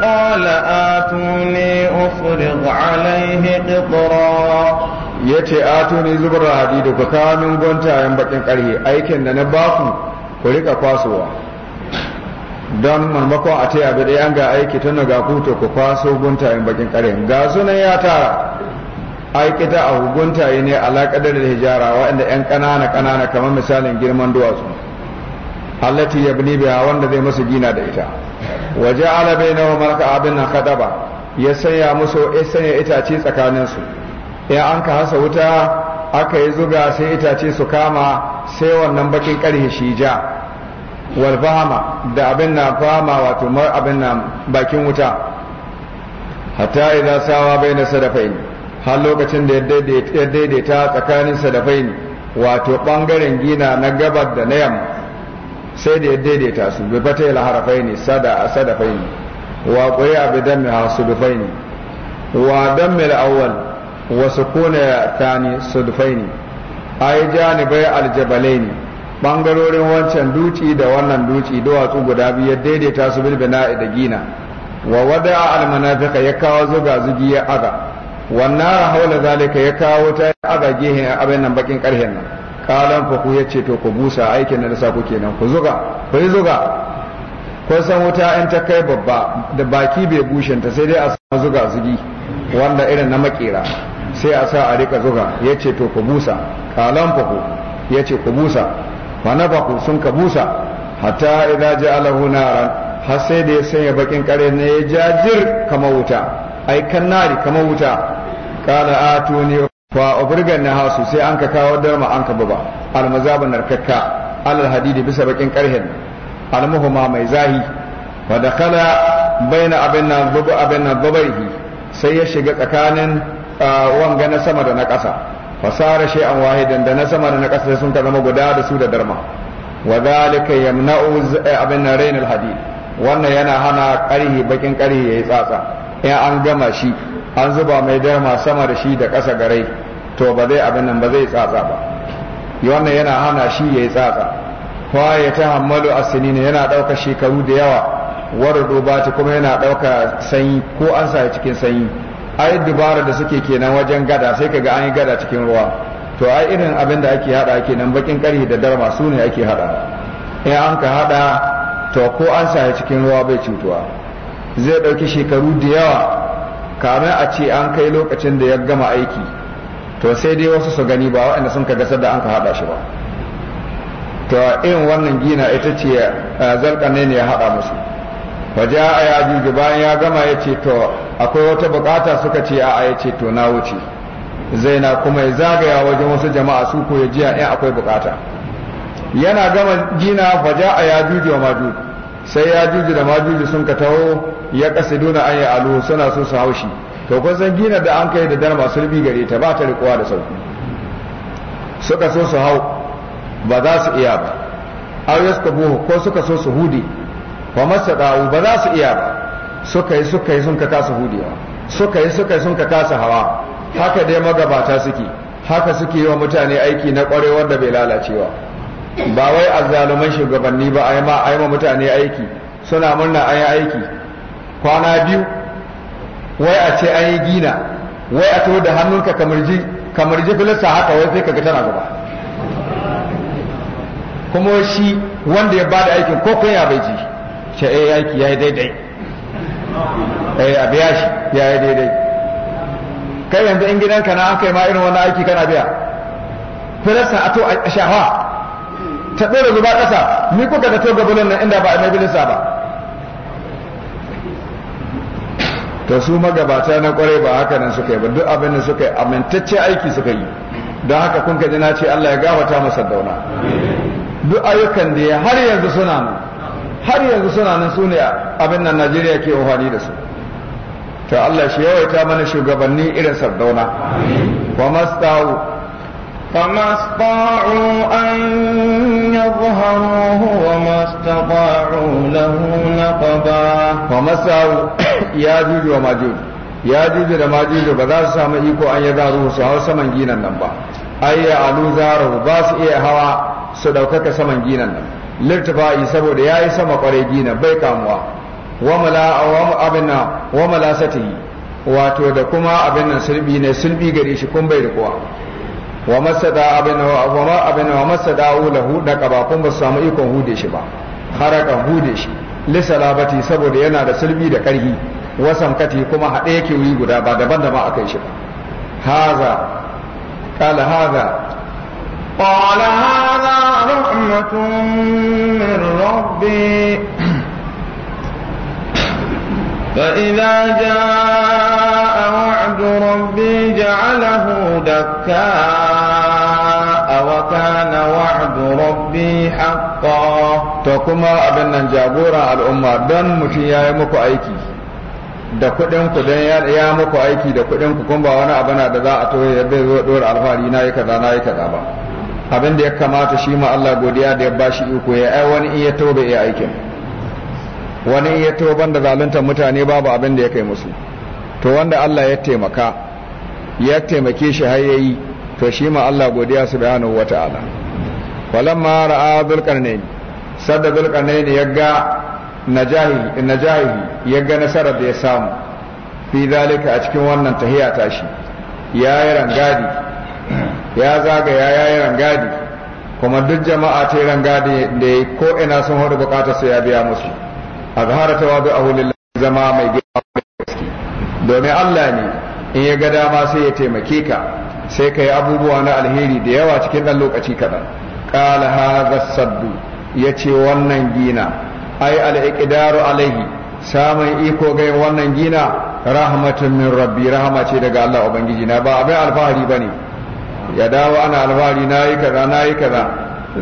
قال آتوني أفرغ عليه قطرا yace atuni zubar hadidu ku kawo min gwantayen bakin karhe aikin da na baku ku rika kwasowa don maimakon a taya bi an ga aiki tun ga kuto ku kwaso guntayen bakin karhe ga sunan ya tara aiki ta a guntaye ne alaƙadar da hijara waɗanda 'yan ƙanana ƙanana kamar misalin girman duwatsu allati yabni biha wanda zai masu gina da ita wa ja'ala bainahum abin khadaba ya sanya musu ya sanya itace tsakanin su in an ka hasa wuta aka yi zuga sai itace su kama sai wannan bakin karhe shi ja wal fahama da abin na fama wato mar abin na bakin wuta hatta idan sawa baina sadafain har lokacin da ya daidaita tsakanin sadafain wato bangaren gina na gabar da na yamma sai da ya daidaita su bi fata ila harafai ne sada a fai ne wa ƙuri a bi mai ha su dufai ne wa damme awwal wa su kuna tani su dufai ne a yi bai aljabalai ne Bangarorin wancan duci da wannan duci duwatsu guda biyu ya daidaita su bilbina da gina wa wada almanafika ya kawo zuga zugi ya aga wannan haula zalika ya kawo ta aga gihin abin nan bakin karhen nan kalan faku ya ce to ku busa aikin da na sa kuke nan ku zuga ku zuga kun san wuta in ta kai babba da baki bai bushenta sai dai a sa zuga zugi wanda irin na makera sai a sa a rika zuga ya ce to ku busa kalan faku ya ce ku busa wani na faku sun ka busa hatta idza ja'alahu naran har sai da ya sanya bakin kare ne ya jajir kamar wuta ai kan nari kamar wuta kala atuni fa obrigan na hasu sai an ka kawo darma an ka buga almazaba narkakka alal hadidi bisa bakin karhin almuhuma mai zahi wa dakala baina abin nan bugu abin nan babaihi sai ya shiga tsakanin wanga na sama da na ƙasa fasara an wahidan da na sama da na ƙasa sun ka zama guda da su da darma wa zalika yamna'u eh, abin nan rainal hadid wannan yana hana karhi bakin karhi yayi tsatsa in an gama shi an zuba mai darma sama da shi da ƙasa garai to ba zai abin nan ba zai tsatsa ba wannan yana hana shi ya yi tsatsa fa ya ta hammalu asinina yana ɗauka shekaru da yawa wardo ta kuma yana ɗauka sanyi ko an sa cikin sanyi ai dubara da suke kenan wajen gada sai kaga an yi gada cikin ruwa to ai irin abin da ake hada kenan bakin ƙarfi da darma su ne ake hada in an ka hada to ko an sa cikin ruwa bai cutuwa zai ɗauki shekaru da yawa kamar a ce an kai lokacin da ya gama aiki to sai dai wasu su gani ba waɗanda sun ka gasar da an ka haɗa shi ba to irin wannan gina ita ce eh, zalkan ne ya haɗa musu waje a ya juju bayan ya gama ya ce to akwai wata bukata suka ce a ya ce to na wuce zaina kuma ya zagaya wajen wasu jama'a su ko ya jiya in eh, akwai bukata yana gama gina faja a ya juju wa majuju sai ya juji da majuji sun ka taho ya kasa duna an yi alu suna sun su haushi to kun san gina da an kai da masu rubi gare ta ba ta rikuwa da sauki suka so su hau ba za su iya ba aw yastabuhu ko suka so su hudi fa masadau ba za su iya ba suka yi suka yi sun ka kasa hudewa suka yi suka yi sun ka kasa hawa haka dai magabata suke haka suke yi wa mutane aiki na kwarewar da bai lalacewa ba wai azzaluman shugabanni ba yi ma yi ma mutane aiki suna murna an yi aiki kwana biyu wai a ce an yi gina wai a taho da hannunka kamar ji kamar ji filasta haka wai sai kaga tana gaba kuma shi wanda ya bada aikin ko kai ya bai ji ce eh aiki yayi daidai eh a biya shi yayi daidai kai yanzu in gidanka na an kai ma irin wannan aiki kana biya filasta a to a shafa ta ɗora zuba ƙasa ni kuka ga to gabanin nan inda ba annabi lissa ba to su magabata na kwarai ba haka nan suka yi ba duk abin da suka yi amintacce aiki suka yi don haka kun kaji na ce Allah ya gabata masa dauna duk ayyukan da ya har yanzu suna nan har yanzu suna nan su ne abin nan Najeriya ke wahani da su to Allah shi yawaita mana shugabanni irin sardauna wa mastawu فما استطاعوا أن يظهروه وما استطاعوا له نقبا فما يا فمسوا ياجوج وماجوج ياجوج وماجوج بذار سامي إيكو أن يظهروه سهو سمن جينا نمبا أي ألو زاره باس إيه هوا سدوكك سمن جينا نمبا لرتفاء يسبو دياي سما قري جينا بيكام وملا أوام أبنا وملا ستي wato da kuma abin nan sulbi ne sulbi gare shi kun bai da kowa wa masada abin wa ma abin ba su samu ikon hude shi ba haraka hude shi lisalabati saboda yana da sulbi da karhi wasan kati kuma haɗe yake wuri guda ba daban da ma shi ba haza haza min فإذا جاء وعد ربي له دكاء وكان وعد ربي حقا تقوم أبنا جابورا الأمة دن مشيا يمكو أيكي da kuɗin ku don ya muku aiki da kuɗin ku kun ba wani abu na da za a toye ya bai zo dora alfahari na yi kaza na yi kaza ba abin da ya kamata shi ma Allah godiya da ya bashi iko ya ai wani iya tobe ya aikin wani iya toban da zaluntar mutane babu abin da ya kai musu to wanda Allah ya taimaka ya taimake shi har yayi to shi ma Allah godiya subhanahu wata'ala falamma ra'a ne sadda ne ya ga najahi najahi ya ga nasarar da ya samu fi zalika a cikin wannan tahiya tashi ya yi rangadi ya zaga ya yi rangadi kuma duk jama'a ta yi rangadi da ya ko ina sun hudu bukatar su ya biya musu a zahara ta wabi a hulun zama mai gina gaske domin Allah ne in ya ga dama sai ya taimake ka sai ka yi abubuwa na alheri da yawa cikin ɗan lokaci kaɗan ƙala haza saddu ya ce wannan gina ai al'iƙidaru alaihi samun iko gai wannan gina rahmatun min rabbi rahama ce daga Allah ubangiji na ba abin alfahari ba ne ya dawo ana alfahari na yi kaza na yi kaza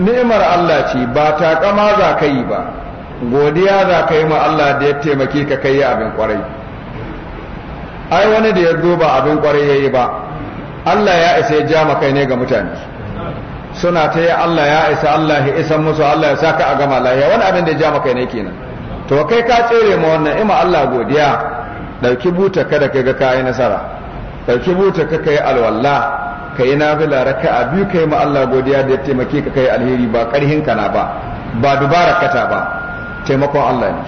ni'imar Allah ce ba ta kama za ka yi ba godiya za ka yi ma Allah da ya taimake ka kai abin kwarai ai wani da ya duba abin kwarai ya yi ba Allah ya isa ya ja makai ne ga mutane suna ta yi Allah ya isa Allah ya isa musu Allah ya saka a gama lahiya wani abin da ya ja makai ne kenan to kai ka tsere ma wannan ima Allah godiya dauki buta ka da kai ga kai nasara dauki buta ka kai alwala kai nafila raka'a biyu kai ma Allah godiya da ya taimake ka kai alheri ba karhin kana ba ba dubara kata ba taimakon Allah ne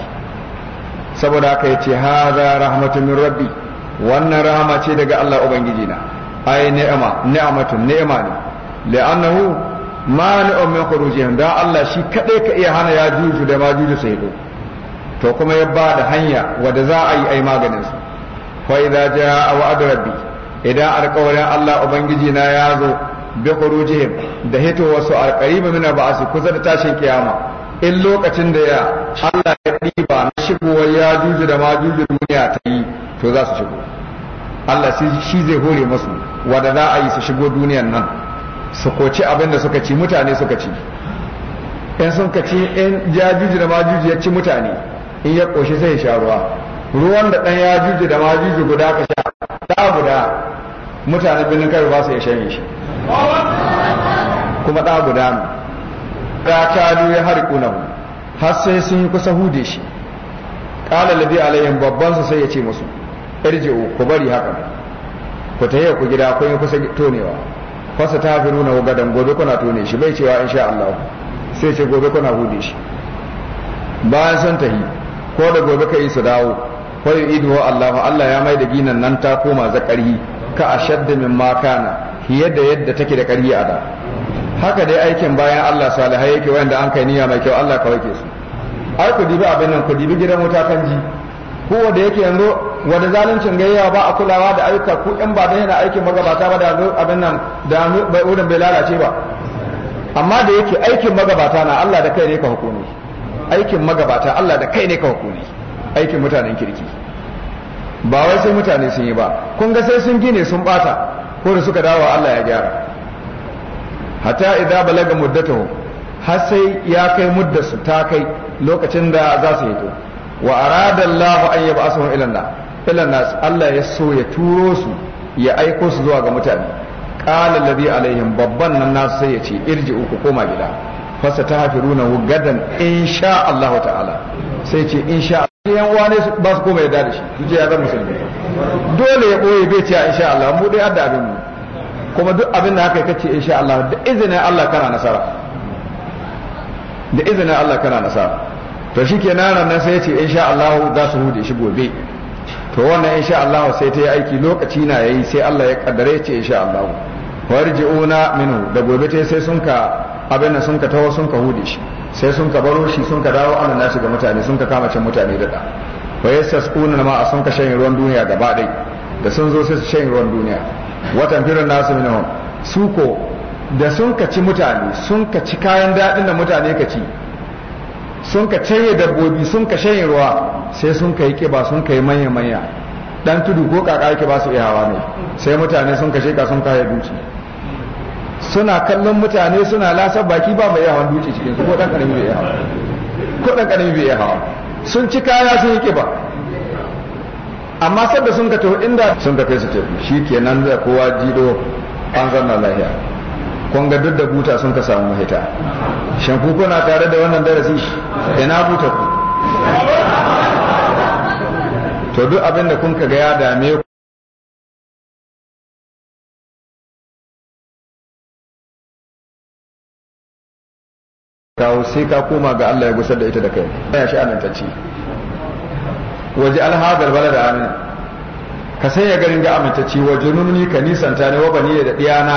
saboda haka yace hadha rahmatun min rabbi wannan rahama ce daga Allah ubangiji na ai ni'ama ni'amatun ni'ama ne li'annahu mani'un min khurujihim dan Allah shi kadai ka iya hana ya juju da ma juju sai do to kuma ya ba da hanya wanda za a yi ai maganin su fa idza jaa wa'd rabbi idan alƙawarin Allah ubangiji na ya zo bi khurujihim da hito wasu alqariba min ba'asi kusa da tashin kiyama in lokacin da ya Allah ba na shigowar ya juji da ma juji duniya ta yi to za su shigo Allah shi zai hore musu wanda za a yi su shigo duniyan nan su koci abin da suka ci mutane suka ci in sun ka ci in ya juji da ma juji ya ci mutane in ya koshi sai ya sha ruwa ruwan da ɗan ya juji da ma juji guda ka sha da guda mutanen birnin kai ba su ya shanye shi kuma da guda ne ta kadu ya harikunan har sai sun yi kusa hude shi ƙala labi alaihim babban su sai ya ce musu irji'u ku bari haka ku tahiya ku gida kun yi kusa tonewa fasa ta fi nuna gadan gobe kuna tone shi bai cewa insha Allah sai ce gobe kuna hude shi bayan sun tahi ko da gobe ka yi su dawo ko yi idu Allah Allah ya mai da ginan nan ta koma za ka ashadda min ma kana fiye da yadda take da ƙarhi a da haka dai aikin bayan Allah salihai yake wanda an kai niyya mai kyau Allah ka ke su ai ku dibi abin nan ku dibi gidan wuta kan ji ko da yake yanzu wanda zaluncin gayya ba a kulawa da ayyuka ku in ba dai yana aikin magabata ba da abin nan da bai wurin bai lalace ba amma da yake aikin magabata na Allah da kai ne ka hukumi aikin magabata Allah da kai ne ka hukumi aikin mutanen kirki ba wai sai mutane sun yi ba kun ga sai sun gine sun bata ko da suka dawo Allah ya gyara Hata idza balaga muddatuhu har sai ya kai muddarsu ta kai lokacin da za su yi wa arada Allah an yab'asuhum ila ilanna ila nas Allah ya so ya turo su ya aiko su zuwa ga mutane qala alladhi alaihim babban nan nasu sai ya ce irji uku koma gida fasa ta hafiruna gadan insha Allah ta'ala sai ce insha Allah yan wane ba su koma ya da shi ya zama musulmi dole ya boye bai ce insha Allah mu dai adda abin mu kuma duk abin da haka kace insha Allah da izinin Allah kana nasara da izinin Allah kana nasara to shikenan nan sai ya ce insha Allah za su hude shi gobe to wannan insha Allah sai ta yi aiki lokaci na yayi sai Allah ya kaddare ce insha Allah warji'una minhu da gobe ta sai sun ka abin da sun ka tawo sun ka hude shi sai sun ka baro shi sun ka dawo ana nashi ga mutane sun ka kama can mutane da da wa yassasquna ma sun ka shanye ruwan duniya gaba dai da sun zo sai su shanye ruwan duniya watan firin nasu minhum su ko da sun kaci mutane sun kaci kayan daɗin da mutane ka ci sun ka canye dabbobi sun ka shanye ruwa sai sun ka yi ƙiba sun ka yi manya manya dan tudu ko ƙaƙa yake ba su iyawa hawa ne sai mutane sun ka sheka sun kaya duci suna kallon mutane suna lasar baki ba mai yawan duci cikin su ko dan karami bai yawa ko dan bai sun ci kaya sun yi ƙiba amma sadda sun ka taho inda sun ka kai su tafi shi kenan da kowa jido an zanna lahiya kun duk da buta sun ka samu hita shanku kuna tare da wannan darasi ina buta ku to duk abin da kun ka ga ya dame ku kawo sai ka koma ga Allah ya gusar da ita da kai ya shi amintacce waje alhadar bala da amina ka sanya garin ga amintacci waje jununi ka nisanta ne wa bani da diyana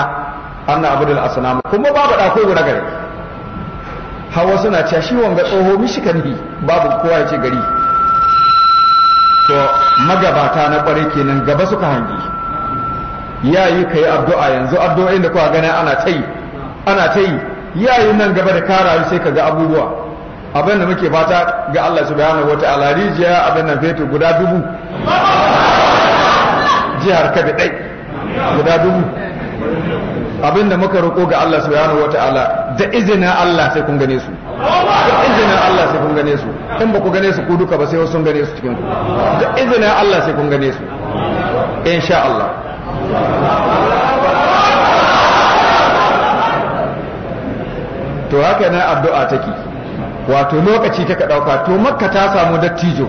anna abdul asnam kuma babu da ko guda gari hawa suna cewa shi wanga tsoho mishi kanbi babu kowa ya ce gari to magabata na bare kenan gaba suka hangi yayi kai addu'a yanzu addu'a inda kuka gani ana ta ana ta yayi nan gaba da karayi sai kaga abubuwa abin da muke fata ga Allah subhanahu wataala rijiya abin nan fetur guda dubu jihar kada dai guda dubu abin da muka roƙo ga Allah subhanahu ala da izinin Allah sai kun gane su da izinin Allah sai kun gane su in ba ku gane su ku duka ba sai wasu sun gane su cikin ku da izinin Allah sai kun gane su insha Allah to haka na addu'a take wato lokaci ta ka ɗauka to makka ta samu dattijo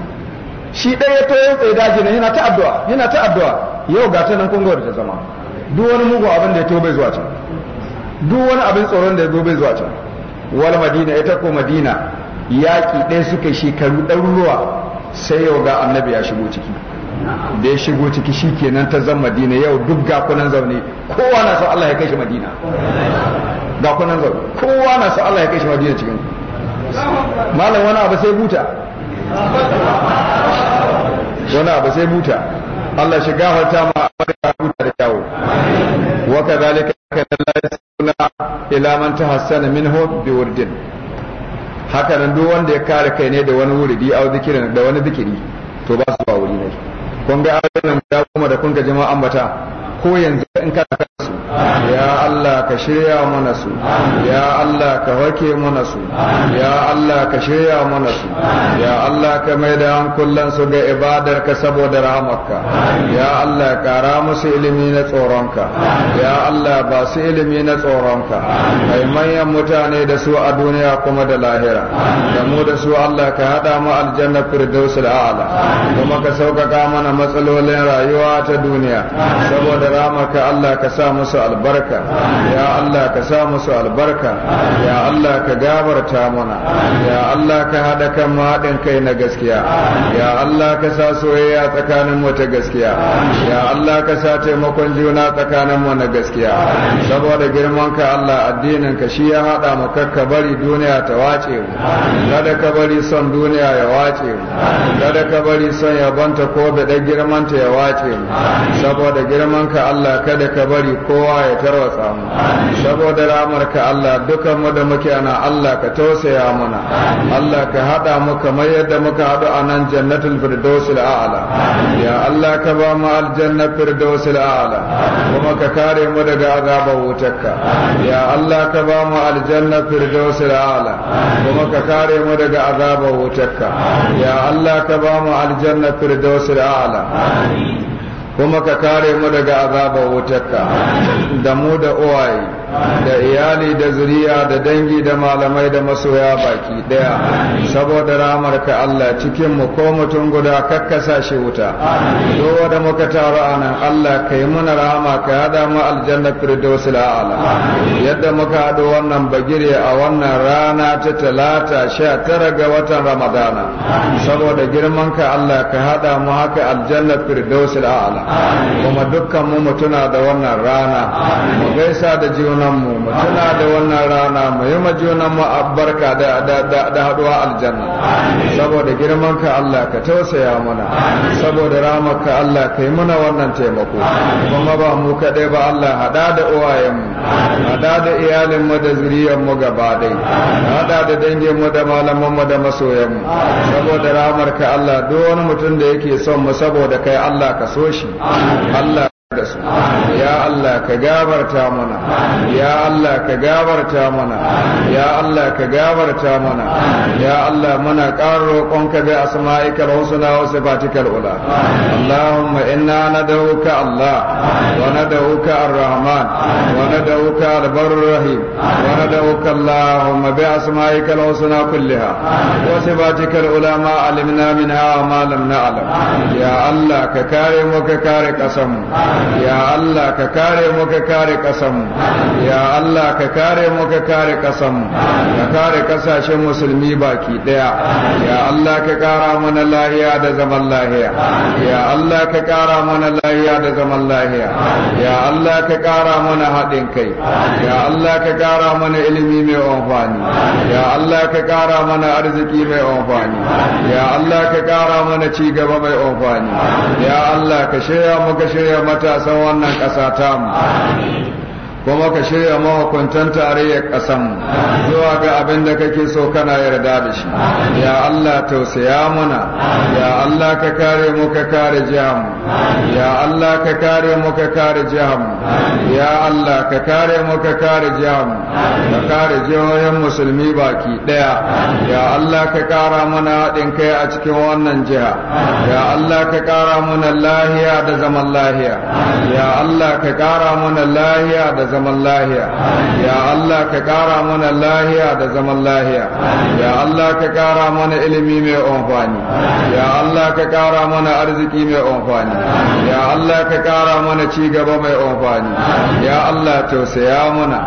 shi ɗaya to ya tsaye daji nan yana ta addu'a yana ta addu'a yau ga ta nan kun da ta zama duk wani mugu abin da ya to bai zuwa can duk wani abin tsoron da ya zo bai zuwa can wal madina ita ko madina yaƙi ɗaya suka shekaru ɗaruruwa sai yau ga annabi ya shigo ciki da ya shigo ciki shi kenan ta zan madina yau duk ga kunan zaune kowa na so Allah ya kai shi madina ga kunan zaune kowa na so Allah ya kai shi madina cikin malam wani abu sai buta wani abu sai buta Allah shi gafarta ma a buta da kyawu wa kadhalika kadalla yasuna ila man tahassana minhu bi wurdin haka nan duk wanda ya kare kai ne da wani wuri au zikirin da wani zikiri to ba su ba wuri ne kun ga ayoyin da kuma da kun ga jama'a ambata ko yanzu in ka ya Allah ka shirya mana su ya Allah ka wake mana su ya Allah ka shirya mana su ya Allah ka mai da hankulan su ga ibadar ka saboda rahamarka ya Allah kara musu ilimi na tsoronka ya Allah ba su ilimi na tsoronka kai manyan mutane da su a duniya kuma da lahira da mu da su Allah ka hada mu aljanna firdaus al'ala kuma ka sauƙaƙa mana matsalolin rayuwa ta duniya saboda rahamarka Allah ka sa musu albarka ya Allah ka sa musu albarka ya Allah ka gabarta mana ya Allah ka haɗa kan haɗin kai na gaskiya ya Allah ka sa soyayya tsakanin mu ta gaskiya ya Allah ka sa taimakon juna tsakanin mu na gaskiya saboda girman ka Allah addinin ka shi ya haɗa mu kakka bari duniya ta wace mu kada ka bari son duniya ya wace mu kada ka bari son ya banta ko da girmanta ya wace mu saboda girman ka Allah kada ka bari kowa kowa ya tarwatsa mu saboda ramarka Allah dukan mu da muke ana Allah ka tausaya mana Allah ka hada mu kamar yadda muka hadu a nan jannatul firdausil a'la ya Allah ka ba mu aljanna firdausil a'la kuma ka kare mu daga azabar wutarka ya Allah ka ba mu aljanna firdausil a'la kuma ka kare mu daga azabar wutarka ya Allah ka ba mu aljanna firdausil a'la amin kuma ka kare mu daga azabar wutarka da mu da uwaye da iyali da zuriya da dangi da malamai da masoya baki daya saboda rahmar ka Allah cikin mu ko mutum guda kakkasa shi wuta dowa da muka taru a nan Allah kai yi muna rama ka hada mu aljanna firdaus ala yadda muka haɗu wannan bagire a wannan rana ta talata sha tara ga watan ramadana saboda girman ka Allah ka hada mu haka aljanna firdaus ala kuma dukkan mu mutuna da wannan rana mu gaisa da juna junanmu mu tuna da wannan rana mu yi mu junanmu albarka da da haduwa aljanna saboda girman ka Allah ka tausaya mana saboda ramaka Allah ka yi mana wannan taimako kuma ba mu kaɗai ba Allah hada da uwayenmu hada da iyalin mu da zuriyar mu gaba dai hada da mu da malaman mu da masoyan mu saboda ramar ka Allah duk wani mutum da yake son mu saboda kai Allah ka so shi Allah da su ya Allah ka gabarta mana ya Allah ka gabarta mana ya Allah ka gabarta mana ya Allah muna ƙara roƙonka bi asma'ikal husna wa sifatikal ula Allahumma inna nad'uka Allah wa nad'uka ar-Rahman wa nad'uka al-Barr rahim wa nad'uka Allahumma bi asma'ikal husna kulliha wa sifatikal ula ma alimna minha wa ma lam na'lam ya Allah ka kare mu ka kare kasanmu ya Allah ka kare mu ka kare kasan mu ya Allah ka kare mu ka kare kasan mu ka kare kasashen musulmi baki daya ya Allah ka kara mana lahiya da zaman lahiya ya Allah ka kara mana lahiya da zaman lahiya ya Allah ka kara mana haɗin kai ya Allah ka kara mana ilimi mai amfani ya Allah ka kara mana arziki mai amfani ya Allah ka kara mana ci gaba mai amfani ya Allah ka shirya muka shirya mata san wannan ƙasa Amin. kuma ka shirya mahukuntan tarayyar ƙasanmu zuwa ga abin da kake so kana yarda da shi ya Allah tausaya muna ya Allah ka kare mu ka kare jihanmu ya Allah ka kare mu ka kare jihanmu ya Allah ka kare mu ka kare jihanmu ka kare jihohin musulmi baki ɗaya ya Allah ka kara mana haɗin kai a cikin wannan jiha ya Allah ka kara mana lahiya da zaman lahiya ya Allah ka kara mana lahiya da zaman lahiya ya Allah ka kara mana lahiya da zaman lahiya ya Allah ka kara mana ilimi mai amfani ya Allah ka kara mana arziki mai amfani ya Allah ka kara mana ci gaba mai amfani ya Allah tausaya mana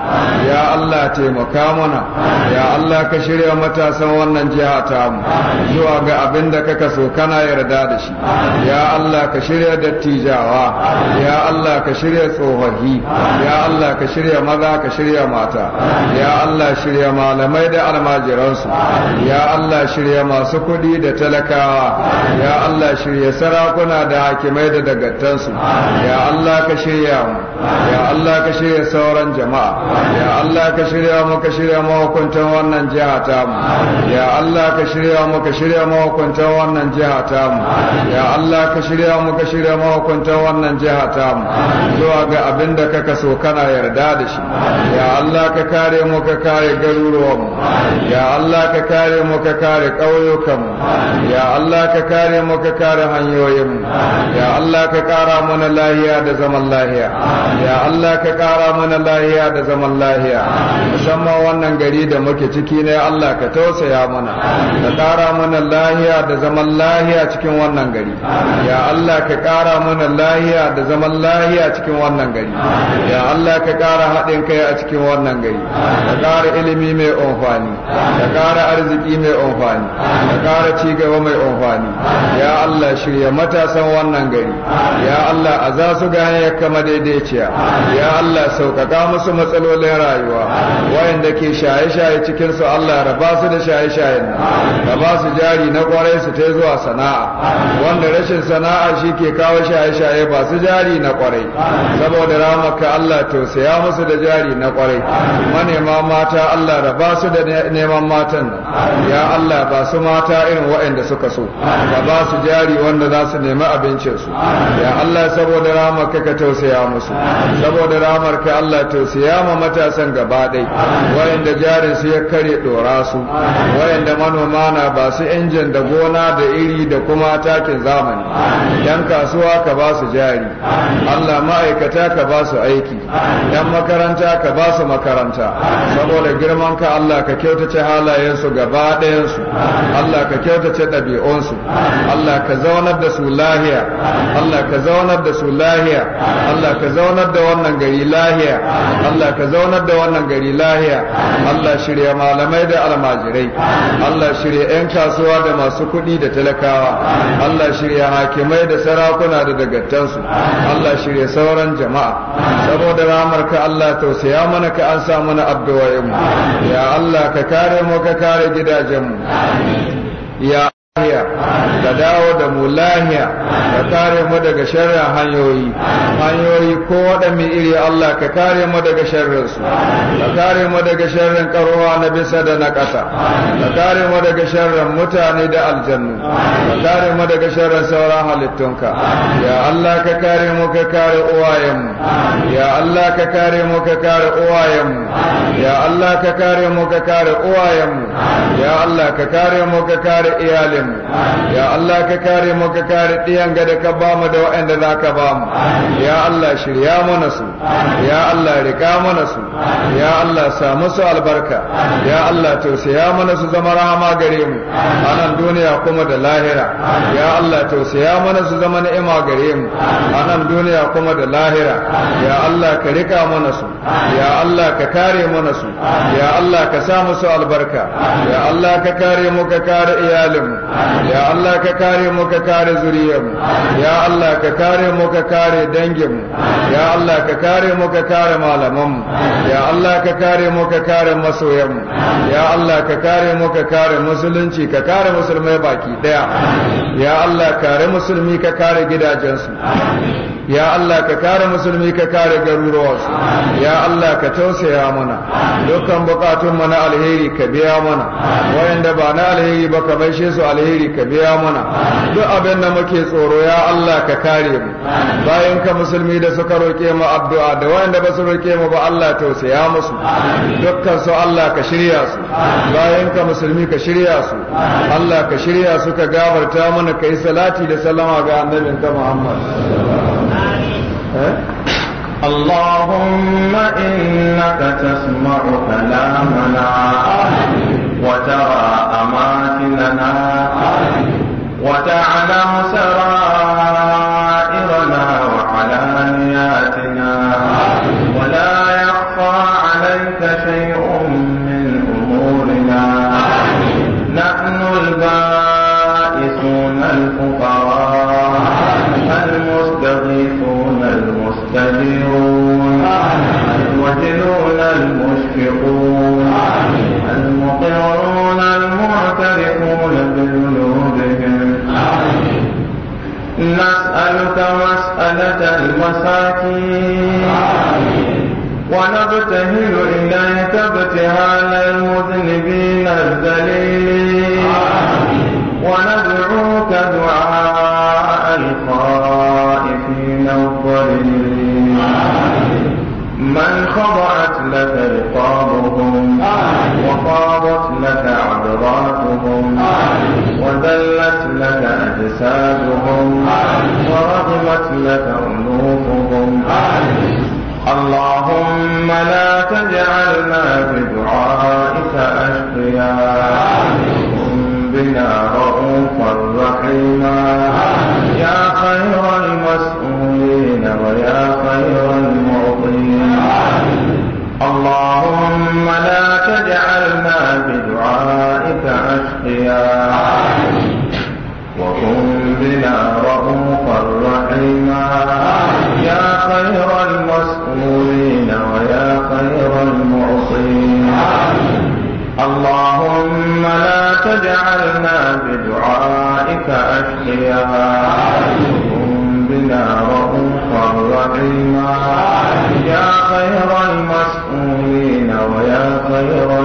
ya Allah taimaka mana ya Allah ka shirya matasan wannan jiha mu zuwa ga abin da kaka so kana yarda da shi ya Allah ka shirya dattijawa ya Allah ka shirya tsohahi ya Allah ka shirya maza ka shirya mata ya Allah shirya malamai da almajiransu ya Allah shirya masu kuɗi da talakawa ya Allah shirya sarakuna da hakimai da dagattansu. ya Allah ka shirya mu ya Allah ka shirya sauran jama'a ya Allah ka shirya mu ka shirya mahukuntan wannan jiha ta mu ya Allah ka shirya mu ka shirya mahukuntan wannan jiha ta mu ya Allah ka shirya mu ka shirya mahukuntan wannan jiha ta mu zuwa ga abin da kaka so kana yarda yarda da shi ya Allah ka kare mu ka kare garuruwan mu ya Allah ka kare mu ka kare ƙauyukan mu ya Allah ka kare mu ka kare hanyoyin mu ya Allah ka kara mana lahiya da zaman lahiya ya Allah ka kara mana lahiya da zaman lahiya musamman wannan gari da muke ciki ne Allah ka tausaya mana ka kara mana lahiya da zaman lahiya cikin wannan gari ya Allah ka kara mana lahiya da zaman lahiya cikin wannan gari ya Allah ka ƙara haɗin kai a cikin wannan gari ka ƙara ilimi mai amfani ka ƙara arziki mai amfani ka ƙara cigaba mai amfani ya Allah shirya matasan wannan gari ya Allah a za su gane ya kama daidaiciya ya Allah sauƙaƙa musu matsalolin rayuwa wayanda ke shaye-shaye cikin su Allah raba su da shaye-shayen nan raba su jari na kwarai su ta zuwa sana'a wanda rashin sana'a shi ke kawo shaye-shaye ba su jari na kwarai saboda ramaka Allah to ya musu da jari na kwarai manema mata Allah da ba su da neman matan ya Allah ba su mata irin waɗanda suka so ka ba su jari wanda za su nemi abincinsu ya Allah saboda ramar ka tausaya musu saboda ramar ka Allah tausaya ma matasan gaba ɗai waɗanda jarin su ya kare ɗora su waɗanda manoma na ba su injin da gona da iri da kuma takin zamani yan kasuwa ka ba su jari Allah ma'aikata ka ba su aiki yan makaranta ka ba su makaranta saboda girman ka Allah ka kyautace halayensu gaba ɗayansu Allah ka kyautace ɗabi'unsu Allah ka zaunar da su lahiya Allah ka zaunar da su lahiya Allah ka zaunar da wannan gari lahiya Allah ka zaunar da wannan gari lahiya Allah shirya malamai da almajirai Allah shirya 'yan kasuwa da masu kuɗi da talakawa Allah shirya hakimai da sarakuna da dagattansu Allah shirya sauran jama'a saboda ramar albarka Allah tausaya mana ka an sa mana addu'o'in mu ya Allah ka kare mu ka kare gidajen mu ya lahiya ka dawo da mu lahiya ka kare mu daga sharrin hanyoyi hanyoyi ko waɗanne iri Allah ka kare mu daga sharrin su ka kare mu daga sharrin karuwa na bisa da na ƙasa ka kare mu daga sharrin mutane da aljannu ka kare mu daga sharrin sauran halittunka ya Allah ka kare mu ka kare uwayen mu ya Allah ka kare mu ka kare uwayen mu ya Allah ka kare mu ka kare uwayen mu ya Allah ka kare mu ka kare iyalin mu ya Allah ka kare mu ka kare ɗiyan ga da ka ba mu da waɗanda za ka ba mu ya Allah shirya mana su ya Allah rika mana su ya Allah sa musu albarka ya Allah tausaya mana su zama rahama gare mu a nan duniya kuma da lahira ya Allah tausaya mana su zama ni'ima gare mu a nan duniya kuma da lahira ya Allah ka rika mana su ya Allah ka kare mana su ya Allah ka sa musu albarka ya Allah ka kare mu ka kare mu. ya Allah ka kare mu ka kare zuriyarmu ya Allah ka kare mu ka kare danginmu ya Allah ka kare mu ka kare malamanmu ya Allah ka kare mu ka kare masoyanmu ya Allah ka kare mu ka kare musulunci ka kare musulmai baki daya ya Allah kare musulmi ka kare gidajensu ya Allah ka kare musulmi ka kare garuruwarsu ya Allah ka tausaya mana dukkan bukatunmu na alheri ka biya mana wayanda ba na alheri ba ka maishe su alheri ka biya mana duk abin da muke tsoro ya Allah ka kare mu bayan ka musulmi da suka roƙe mu addu'a da wayanda ba su roƙe mu ba Allah tausaya musu dukkan su Allah ka shirya su bayan ka musulmi ka shirya su Allah ka shirya su ka gabarta mana ka yi salati da salama ga annabinka Muhammad اللهم إنك تسمع كلامنا وترى أماكننا وتعلم سرائنا المساكين ونبتهل إليك ابتهال المذنبين الذليل وندعوك دعاء الخائفين الظليل من خضعت لك رقابهم وخاضت أجسادهم ورغمت لك قلوبهم اللهم لا تجعلنا في دعاء دعائك أشقيا هم بنا رؤوفا رحيما يا خير المسؤولين ويا خير